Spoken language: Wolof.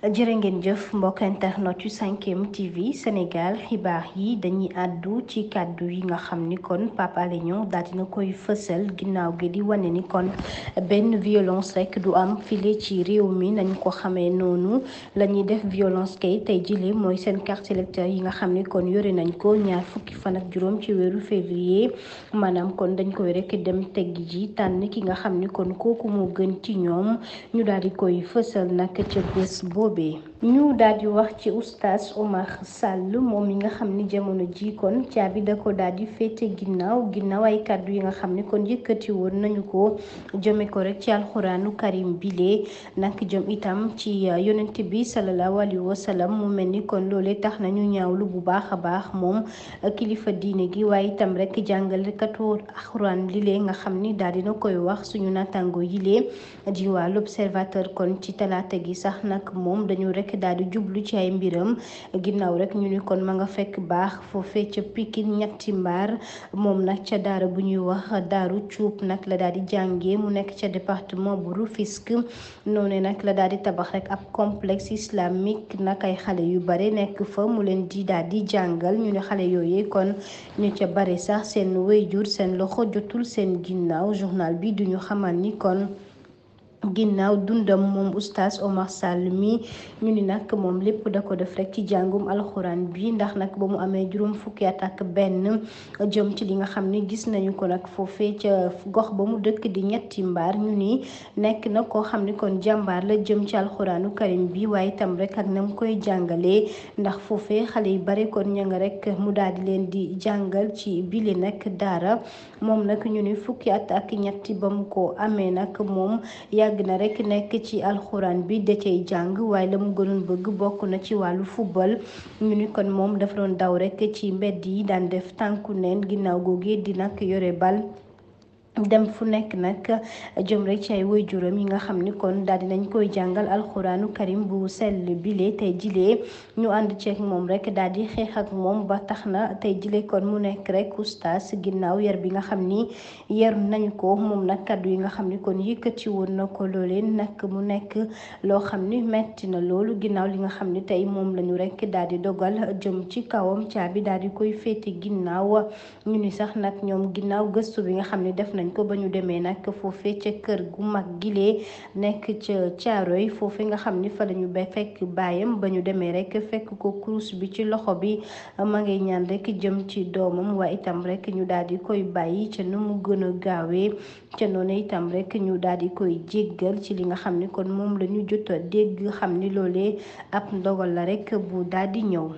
jërë ngeen jëf mbokk internet yu 5M TV Sénégal xibaar yi dañuy àddu ci kàddu yi nga xam ni kon Pape Alé Niang daal dina koy fësal ginnaaw gi di wane ni kon benn violence rek du am file ci réew mi nañ ko xamee noonu lañuy def violence kay tey jile mooy seen carte électeur yi nga xam ni kon yore nañ ko ñaar fukki fan juróom ci weeru février maanaam kon dañ koy rekk dem teg ji tànn ki nga xam ni kon kooku moo gën ci ñoom ñu daal di koy fësal nag boobee ñu daldi wax ci oustaz Oumar Sall moom mi nga xam ni jamono ji kon caabi da ko daldi féete ginnaaw ginnaaw ay kàddu yi nga xam ni kon yëkkati woon nañu ko jëme ko rek ci alxuraanu karim bile nak jëm itam ci uh, yonent bi sallallahu alayhi wa sallam mu mel ni kon loole tax nañu ñaawlu bu baax a baax moom uh, kilifa diine gi waaye itam rek jàngalekatu alxuraan lile nga xam ni daldi na koy wax suñu natango yile di waa kon ci talaata gi sax moom dañu rek daal di jublu ci ay mbiram ginnaaw rek ñu ni kon ma nga fekk baax foofee ca Pikine ñetti mbaar moom nag ca daara bu ñuy wax daaru cuub nag la daal di jàngee mu nekk ca département bu rufisk noonu nag la daal di tabax rek ab complexe islamique nag ay xale yu bare nekk fa mu leen di daal di jàngal ñu ni xale yooyee kon ñu ca bare sax seen wéyjur seen loxo jotul seen ginnaaw journal bi duñu xamal ni kon ginnaaw dundam moom oustaz Omar Sall mi ñu ni nag moom lépp da ko def rek ci jàngum alxuraan bi ndax nag ba mu amee juróom fukki at ak benn jëm ci li nga xam ne gis nañu ko nag foofee ca gox ba mu dëkk di ñetti mbaar ñu ni nekk na koo xam ni kon jàmbaar la jëm ci alxuraanu karim bi waaye itam rek ak koy jàngalee ndax foofee xale bari kon ña nga rek mu daal di leen di jàngal ci bile nag daara moom nag ñu ni fukki at ak ñetti ba mu ko amee nag moom yàgg na rek nekk ci alxuraan bi da cay jàng waaye la mu gënoon bëgg bokk na ci wàllu football ñu ni kon moom dafa doon daw rek ci mbedd yi daan def tànku neen ginnaaw googee di nag yore bal dem fu nekk nag jëm rek ci ay woy juróom yi nga xam ni kon daal dinañ koy jàngal alxuraanu karim bu sell bile tey jilee ñu ànd ceeg moom rek daal di xeex ak moom ba tax na tey jilee kon mu nekk rek oustaz ginnaaw yar bi nga xam ni yar nañu ko moom nag kàddu yi nga xam ni kon ci woon na ko loolee nag mu nekk loo xam ni metti na loolu ginnaaw li nga xam ni tey moom lañu rekk daal di dogal jëm ci kawam caabi daal di koy féete ginnaaw ñu ni sax nag ñoom ginnaaw gëstu bi nga xam ni def nañ ba ñu demee nag foofe ca kër gu mag gilee nekk ca caaroy foofe nga xam ni fa lañu ba fekk baayam ba ñu demee rekk fekk ko kuruus bi ci loxo bi ma ngay ñaan rekk jëm ci doomam waa itam rekk ñu daldi koy bàyyi ca nu mu gëna a gaawee ca noonu itam rekk ñu daldi koy jéggal ci li nga xam ni kon moom lañu ñu jot a dégg xam ni loole ab ndogal la rekk bu daldi di ñëw